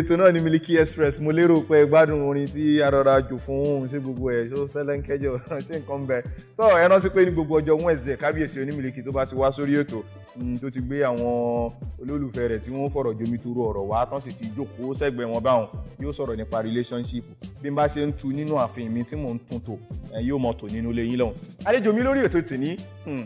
ètò náà ní Miliki Express mo lérò pé gbádùn orin tí arọra jù fún òun sí gbogbo ẹ ṣó sẹlẹńkẹjọ ṣé nǹkan bẹ tó ẹ rántí pé ní gbogbo ọjọ́ Wednesday kábíyèsí onímìlíkì tó bá ti wá sórí ètò mm, tó ti gbé àwọn olólùfẹ́ rẹ̀ tí wọ́n fọ̀rọ̀ jomi toro ọ̀rọ̀ wá tán sì ti jókòó sẹ́gbẹ̀ẹ́ wọn báwọn yóò sọ̀rọ̀ nípa relationship bí n bá ṣe ń tu nínú ààfin mi tí mò ń tun tò yóò mọ̀ tò nínú ilé yín lọ́hùn lórí ètò tìní hmm,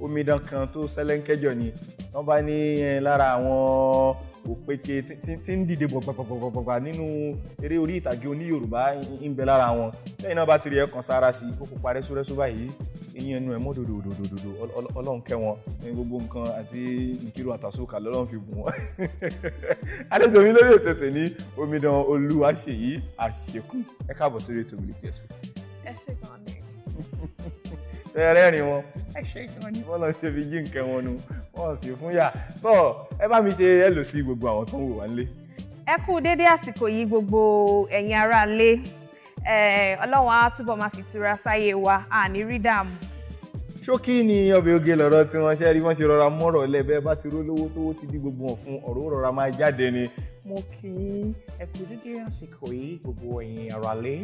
omidan kan tó sẹ́lẹ̀ńkẹjọ ni wọ́n bá ní lára àwọn òpèké tí ń dìde gbọ̀gbọ̀gbọ̀gbọ̀gbà nínú eré orí ìtàgé oní yorùbá ń bẹ lára wọn lẹ́yìn náà bá ti rí ẹ kan sára sí i kó kó parẹ́ sórẹ́só báyìí eyín ẹnu ẹ mọ́ dòdòdòdòdò ọlọ́run kẹ́ wọn ní gbogbo nǹkan àti ìkírò àtàsókà lọ́lọ́run fi bùn wọn. àlejò mi lórí ètò tèmi omidan olúwaṣèyí àṣekú ẹ káàbọ̀ sórí ètò Miliki Express. ẹ ṣe gan ni. ṣe rẹ́rìn wọn ẹ ṣe gan ni. wọ́n lọ ṣe fi jí nǹkan wọn nu wọn sì fún yà tó ẹ bá mi ṣe ẹ lò sí gbogbo àwọn tó ń wò wá nílé. ẹ kú dédé àsìkò yìí gbogbo ẹ̀yin aráalé ọlọ́run á túbọ̀ máa fi tura sáyé wa àní rí dààmú ṣókí ni ọbẹ̀ oge lọ̀rọ̀ tí wọ́n ṣe rí wọ́n ṣe rọra mọ́rọ̀ lẹ́bẹ̀ẹ́ bá ti rólówó tó ti di gbogbo wọn fún ọ̀rọ̀ rọra máa jáde ni. mo kì í ẹ kú dédé àsìkò yìí gbogbo ẹ̀yin ara lé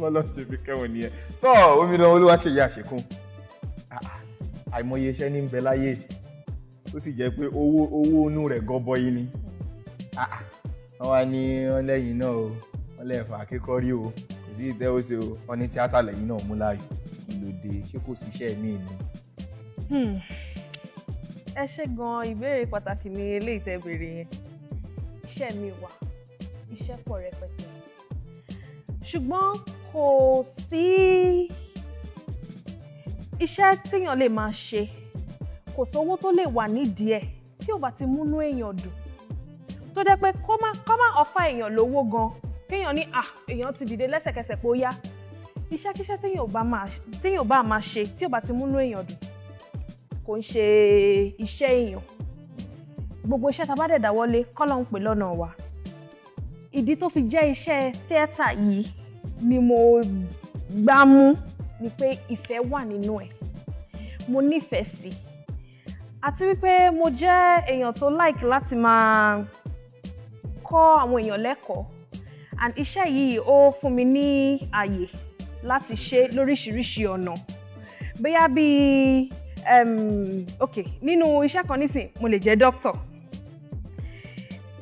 bọ́lá ti fi kẹ́wọ̀n nìyẹn. tọ́ omidan olúwa ṣe àṣekún àìmọye iṣẹ́ ní ń bẹ láyé ó sì jẹ́ pé owó owó inú rẹ̀ gọbọyí ni ah, ah, wọ́n wá ní wọ́n lẹ́yìn náà o wọ́n lẹ́ẹ̀fà o kò sí ìtẹ́ ó o wọ́n ní tíátà lẹ́yìn náà mú láàyò kí ló dé ṣé kò síṣẹ́ míì ni. Hmm. ẹ ṣe gan-an ìbéèrè pàtàkì ni eléyìí tẹ́ béèrè yẹn iṣẹ́ mi wà iṣẹ́ pọ̀ rẹpẹtẹ ṣùgbọ́n kò sí iṣẹ́ téèyàn lè máa ṣe kò sówó tó lè wà nídìí ẹ̀ tí ò bá ti múnú èèyàn dùn tó jẹ́ pé kó má kó má ọ̀fà èèyàn lówó gan kéèyàn ní à ah, èèyàn ti dìde lẹ́sẹ̀kẹsẹ̀ pé ó yá iṣẹ́kíṣẹ́ téèyàn bá máa téèyàn bá máa ṣe tí ò bá ti múnú èèyàn dùn kò ń ṣe iṣẹ́ èèyàn gbogbo iṣẹ́ tá bá dẹ̀ dáwọ́lé kọ́lọ́ ń pè lọ́nà wa ìdí tó fi jẹ́ iṣẹ́ tíátà yìí ni mo gbámú ni pé ìfẹ́ wà nínú ẹ̀ mo nífẹ̀ẹ́ sí i àti wípé mo jẹ́ èèyàn tó like láti máa kọ́ àwọn èèyàn lẹ́kọ̀ọ́ and iṣẹ́ yìí ó fún mi ní àyè láti ṣe lóríṣiríṣi ọ̀nà bóyá bíi um, ok nínú iṣẹ́ kan nísìn mo lè jẹ́ doctor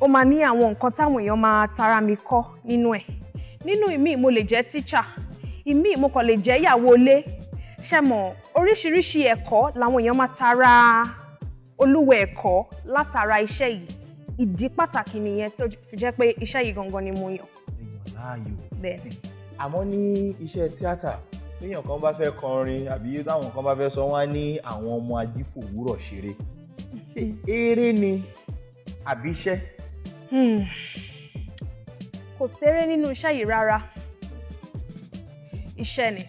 ó máa ní àwọn nǹkan táwọn èèyàn máa tara mi kọ́ nínú ẹ̀ nínú ìmíì mo lè jẹ́ teacher ìmíì mo kàn lè jẹ́ ìyàwó ilé ṣe mọ̀ oríṣiríṣi ẹ̀kọ́ làwọn èèyàn máa tara olúwo ẹ̀kọ́ látara iṣẹ́ yìí ìdí pàtàkì nìyẹn tó fi jẹ́ pé iṣẹ́ yìí gangan ni mo yàn. èèyàn láàyò. bẹ́ẹ̀ni. àmọ́ ní iṣẹ́ tíátà téèyàn kan bá fẹ́ kọrin àbí táwọn kan bá fẹ́ sọ wọ́n á ní àwọn ọmọ ajífòwúrọ̀ ṣeré ṣé eré ni àbí iṣẹ́. Hmm. kò ṣeré nínú iṣẹ́ yìí rárá iṣẹ́ ni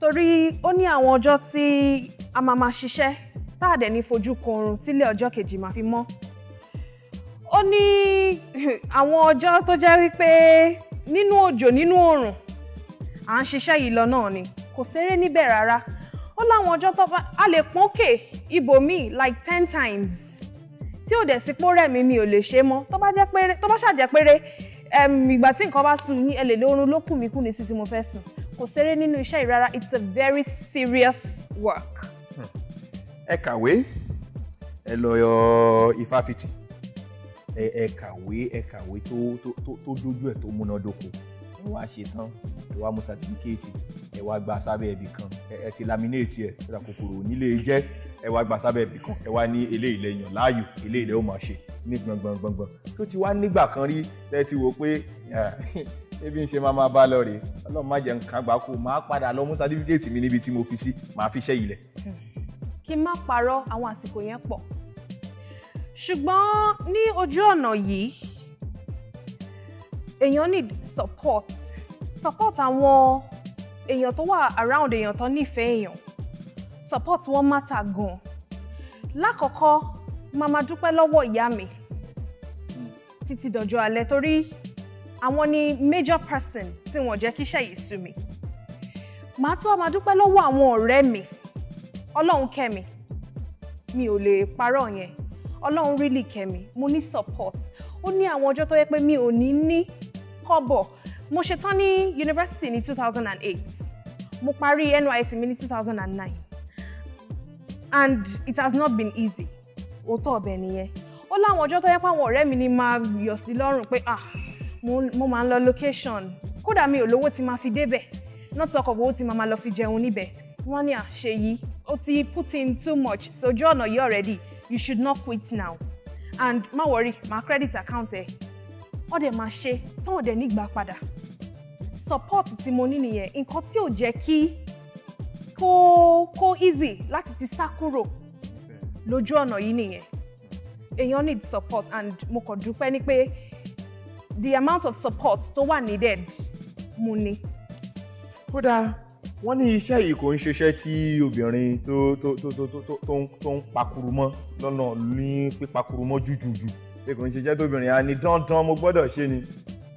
torí ó ní àwọn ọjọ́ tí a máa máa ṣiṣẹ́ tá a dẹ̀ ní fojú kan oorun tílé ọjọ́ kejì máa fi mọ́. ó ní àwọn ọjọ́ tó jẹ́ wípé nínú òjò nínú oòrùn à ń ṣiṣẹ́ yìí lọ náà ni kò ṣeré níbẹ̀ rárá ó láwọn ọjọ́ tó bá a lè pọ́n òkè ibòmíì like ten times tí ò dẹ̀ sí pórẹ́ mi mi ò lè ṣe mọ́ tó bá jẹ́ péré tó bá ṣàjẹ́ péré ìgbà tí nǹkan bá sùn yín ẹ lè lé oorun ló kù mí kù ní sísí mo fẹ́ sùn kò ṣeré nínú iṣẹ́ yìí it's a very serious work ẹ kàwé ẹ lọ yọ ifáfitì ẹ ẹ kàwé ẹ kàwé tó tó tó dójú ẹ tó múnádóko ẹ wá ṣe tán ẹ wá mú sátífíkéètì ẹ wá gba sábẹ́ ẹbì kan ẹ ti laminéètì ẹ kódà kòkòrò onílé jẹ ẹ wá gba sábẹ́ ẹbì kan ẹ wá ní eléyìí lẹ́yìn láàyò eléyìí lẹ ó máa ṣe ní gbọngbọngbọngbọn tó ti wá nígbà kan rí tẹ́ ti wò pé ebi ń ṣe máa máa bá lọ rèé ọlọ́run má jẹ́ nǹkan àgbákò máa padà lọ mú sátífíkéètì mi níbi tí mo fi sí màá fi ṣẹ́ ilẹ̀. Hmm kí n má parọ́ àwọn àsìkò yẹn pọ̀ ṣùgbọ́n ní ojú ọ̀nà yìí èèyàn need support support àwọn èèyàn tó wà around èèyàn tó nífẹ̀ẹ́ èèyàn support wọn matter gan lákọ̀ọ́kọ́ màmá dúpẹ́ lọ́wọ́ ìyá mi títí dọ̀jọ́ alẹ́ torí àwọn ni major person tí wọ́n jẹ́ kíṣẹ́ yìí sú mi màá tún wá máa dúpẹ́ lọ́wọ́ àwọn ọ̀rẹ́ mi ọlọ́run kẹ́mi mi ò lè parọ́ yẹn ọlọ́run really kẹ́mi mo ní support ó ní àwọn ọjọ́ tó yẹ pé mi ò ní ní kọ́bọ̀ mo ṣetán ní yunifásitì ní two thousand and eight mo parí NYSC mi ní two thousand and nine and it has not been easy òótọ́ ọbẹ̀ nìyẹn ó láwọn ọjọ́ tó yẹ pé àwọn ọ̀rẹ́ mi ni máa yọ̀ sí lọ́rùn pé ah mo máa ń lọ location kódà mi ò lówó tí máa fi débẹ̀ not talk of owó tí máa máa lọ fi jẹun níbẹ̀ wọ́n ní àṣeyí ah, o ti put in too much so sojú ọ̀nà yìí already you should not quit now and má worry my credit account ẹ ọ̀dẹ̀ máa ṣe tán ọ̀dẹ̀ nígbà padà support tí mo ní nìyẹn nǹkan tí ò jẹ́ kí kó kó easy láti ti sá kúrò lójú ọ̀nà yìí nìyẹn èèyàn need support and mo kàn dúpẹ́ ni pé the amount of support tó wà needed mo ní. kódà wọ́n ní iṣẹ́ yìí kò ń ṣiṣẹ́ tí obìnrin tó tó tó tó tó tó ń tó ń pakuru mọ́ lọ́nà ní pípakuru mọ́ jújùjù pé kò ń ṣiṣẹ́ tóbìnrin á ní dandan mo gbọ́dọ̀ ṣe ni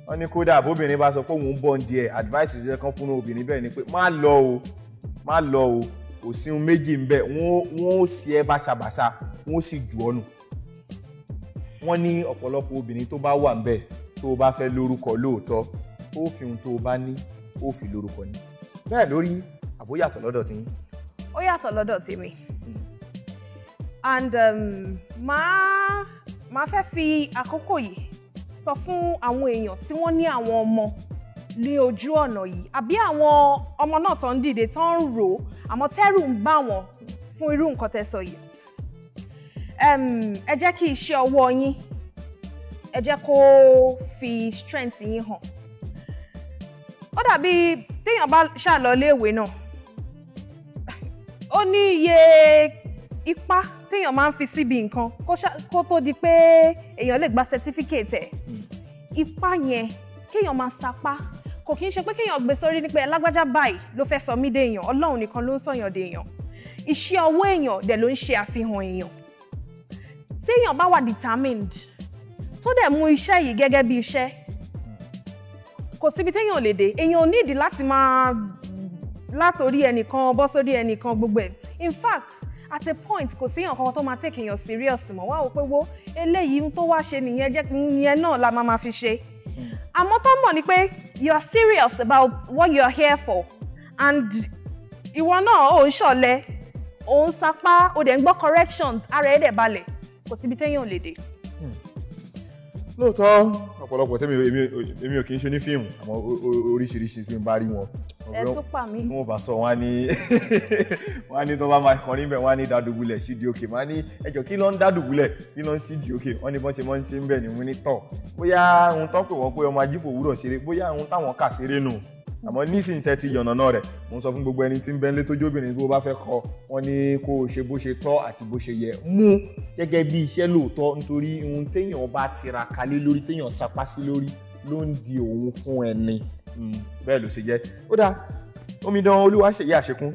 wọ́n ní kódà bóbìnrin bá sọ pé òun ń bọ̀ ń di ẹ̀ advice ìjọ kan fún obìnrin bẹ́ẹ̀ ni pé má lọ o má lọ o kò sí ohun méjì ń bẹ wọ́n ó sì ẹ́ báṣabàṣa wọ́n ó sì jù ọ́ nù wọ́n ní ọ̀pọ̀lọpọ̀ obìnrin tó bá wà ń bẹ̀ tó o bá fẹ́ lórúkọ lóòótọ́ ó fi ohun tó o bá ní ó fi lórúkọ ní bẹ́ẹ̀ lórí àbó yàtọ̀ lọ́dọ̀ tí. ó yàtọ̀ lọ́dọ̀ tèmi hmm. and máa um, máa fẹ́ fi àkókò yìí sọ fún àwọn èèyàn tí wọ́n ní àwọn ọmọ ní ojú ọ̀nà yìí àbí àwọn ọmọ náà tó ń dìde tó ń rò ó àmọ́ tẹ́rù ń bà wọ́n fún irú nǹkan tẹ́ sọ yìí um, ẹ jẹ́ kí iṣẹ́ ọwọ́ yín ẹ jẹ́ kó fi strength yín hàn ó dàbí téèyàn bá ṣàlọ iléèwé náà ó ní iye ipa téèyàn máa ń fi síbi nǹkan kó tó di pé èèyàn lè gba certificate ẹ̀ ipá yẹn kéèyàn máa sapá kò kí n ṣe pé kéèyàn gbé sórí nípa ẹ lágbájá báyìí ló fẹ́ sọ mí déèyàn ọlọ́run nìkan ló ń sọ̀yàn déèyàn iṣẹ́ ọwọ́ èèyàn dẹ̀ ló ń ṣe àfihàn èèyàn téèyàn bá wà determined tó dẹ̀ mú iṣẹ́ yìí gẹ́gẹ́ bí iṣẹ́ kò síbi téèyàn lè dé èèyàn nídìí láti máa látòrí ẹnìkan bọ́ sórí ẹnìkan gbogbo ẹ̀ in fact at a point kò síyàn kankan tó máa take èèyàn serious mọ́ wá wò pé wo eléyìí tó wá ṣe nìyẹn jẹ́ ìyẹn náà la máa ma fi ṣe àmọ́ tó mọ̀ ni pé you are serious about what you are here for and ìwọ náà ò ń ṣọ̀lẹ ò ń sapá ò dẹ̀ ń gbọ́ corrections ara ẹ̀ dẹ̀ balẹ̀ kò síbi téèyàn lè dé lóòótọ́ ọ̀pọ̀lọpọ̀ tẹ́mi èmi ò kì í ṣe ní fíìmù àmọ́ oríṣiríṣi tí n bá rí wọn. ẹ tún pa mí. wọn ò bá sọ wọn á ní wọn á ní tó bá máa kàn níbẹ̀ wọn á ní dádùbúlẹ̀ sídìí òkè wọn á ní ẹjọ́ kí ló ń dádùbúlẹ̀ kí ló ń sídìí òkè wọn ní bọ́n ṣe mọ́ ń ṣe ń bẹ̀ ní wọn ní tọ̀ bóyá ohun tó pè wọ́n pé ọmọ ajífòwúrọ̀ ṣeré bóyá ohun táwọn kà ṣeré nù àmọ́ nísìnyí tẹ́ ti náà rẹ̀ mo ń sọ fún gbogbo ẹni tí ń bẹ nílé tójú obìnrin tó bá fẹ́ kọ wọn ni kó o ṣe bó ṣe tọ́ àti bó ṣe yẹ mú gẹ́gẹ́ bí iṣẹ́ lóòótọ́ nítorí ohun téèyàn bá tiraka lé lórí téèyàn sapá sí lórí ló ń di òun fún ẹni hmm, bẹ́ẹ̀ ló ṣe jẹ́ ó dáa omidan Olúwaṣèyí Àṣekún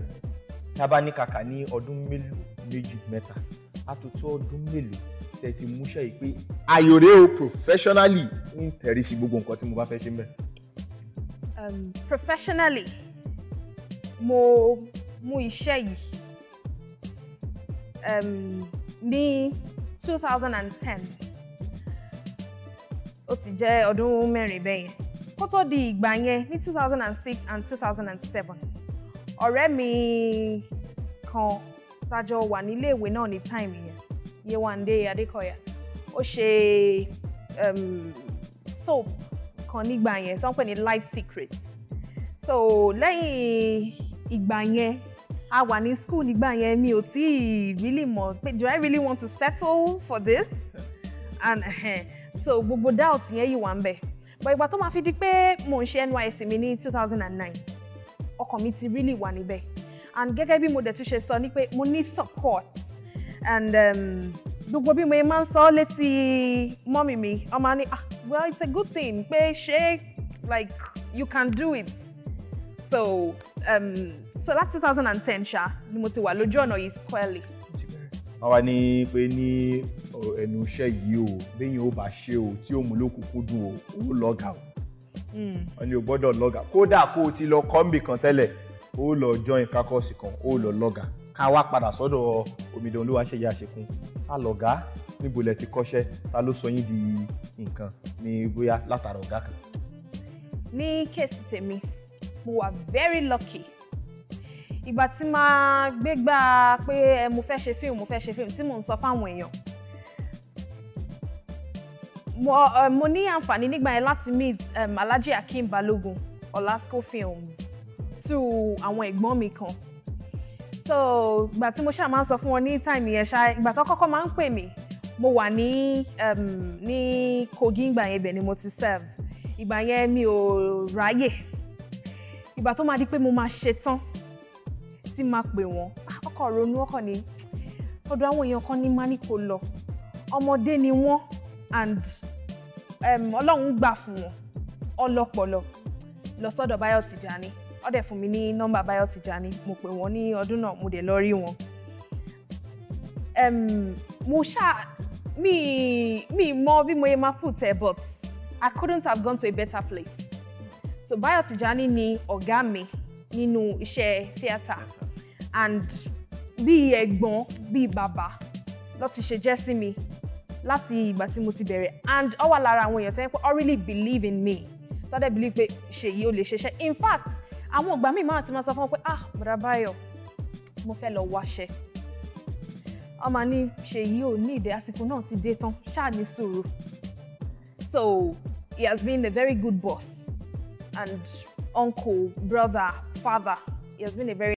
tá a bá ní kàkà ní ọdún mélòó méjì mẹ́ta á tó tó ọdún mélòó tẹ́ ti múṣẹ́ yìí pé ayọ̀rẹ́ professionally ń tẹ̀rí sí gbogbo mo bá fẹ́ ṣe um, professionally mo mú iṣẹ́ yìí um, ní two thousand and ten ó ti jẹ́ ọdún mẹ́rin bẹ́yẹn kó tó di ìgbà yẹn ní two and 2007. and two thousand and seven ọ̀rẹ́ mi kan tájọ wà nílé ìwé náà ní time yẹn Yewande Adékọ̀yà ó ṣe um, soap kan nígbà yẹn tó ń pè ní life secrets so lẹ́yìn ìgbà yẹn a wà ní school nígbà yẹn mi ò tí ì really mọ̀ pé do I really want to settle for this and uh, so gbogbo doubt yẹn yìí wà ń bẹ̀ but ìgbà tó máa fi di pé mò ń ṣe NYSC mi ní two thousand and nine ọkàn mi ti really wà níbẹ̀ and gẹ́gẹ́ bí mo dẹ̀ tún ṣe sọ ni pé mo ní support and um, gbogbo bí mo yẹ máa ń sọ létí mọ́mì mi ọmọ ni ah well it's a good thing pé ṣé like you can do it so um, so láti two thousand and ten ṣá ni mo ti wà lójú ọ̀nà yìí squarely. wọ́n wá ní pé ní ẹnu iṣẹ́ yìí o béèyàn ò bá ṣe o tí ó mú lókùnkúndùn o ó lọ́gàá o hmm. wọ́n ní o gbọ́dọ̀ lọ́gàá kódà kó o ti lọ kọ́ńbì kan tẹ́lẹ̀ ó lọ join kakọ́ọ̀sì kan ó lọ lọ́gàá ká wá padà sọ́dọ̀ omidan Olúwaṣeyẹ Àṣekún alọ̀gá níbo lẹ ti kọ́ṣẹ́ ta ló sọ yín di nǹkan ní bóyá látara ọ̀gá kan. ní kéèsì tèmi mo wà very lucky ìgbà tí máa gbégbá pé mo fẹ́ ṣe fíìmù mo fẹ́ ṣe fíìmù tí mò ń sọ fáwọn èèyàn mo ní àǹfààní nígbà yẹn láti meet um, Alhaji Akeem Balogun Olasco Films through àwọn ẹ̀gbọ́n mi kan so ìgbà tí mo ṣáà máa ń sọ fún wọn ní time yẹn ṣá ìgbà tó kọ́kọ́ máa ń pè mí mo wà ní um, ní Kogi ìgbà yẹn ibẹ̀ ni mo ti serve ìgbà yẹn mi ò ráyè ìgbà tó máa di pé mo máa ṣe tán tí máa pè wọ́n ọkọ̀ ronú ọkọ̀ ni ọ̀dọ̀ àwọn èèyàn kan ní mání kò lọ ọmọdé ni wọ́n and um, ọlọ́run gbà fún wọn ọlọ́pọlọ lọ sọ́dọ̀ Báyọ̀ Tìjàní ó dẹ̀ fún mi ní nọ́mbà Báyọ̀ Tìjání mo pè wọ́n ní ọdún náà mo dẹ̀ lọ rí wọn. mo ṣá mi mi mọ bí mo yẹ máa put ẹ but I couldn't have gone to a better place. So Báyọ̀ Tìjání ni ọ̀gá mi nínú iṣẹ́ theatre and bí ẹ̀gbọ́n bí bàbá ló ti ṣe jẹ́ sí mi láti ìgbà tí mo ti bẹ̀rẹ̀ and ó wà lára àwọn èèyàn tó yẹ pé ó really believe in me tó believe pé ṣèyí ó lè ṣeṣẹ́ in fact àwọn ìgbà míì máa ti máa sọ fún wọn pé ah bàdà báyọ̀ mo fẹ́ lọ wáṣẹ wọ́n máa ní ṣèyí ò ní ìdẹ e? àsìkò náà ti dé tán ṣáà ní sùúrù so he has been a very good boss and uncle brother father he has been a very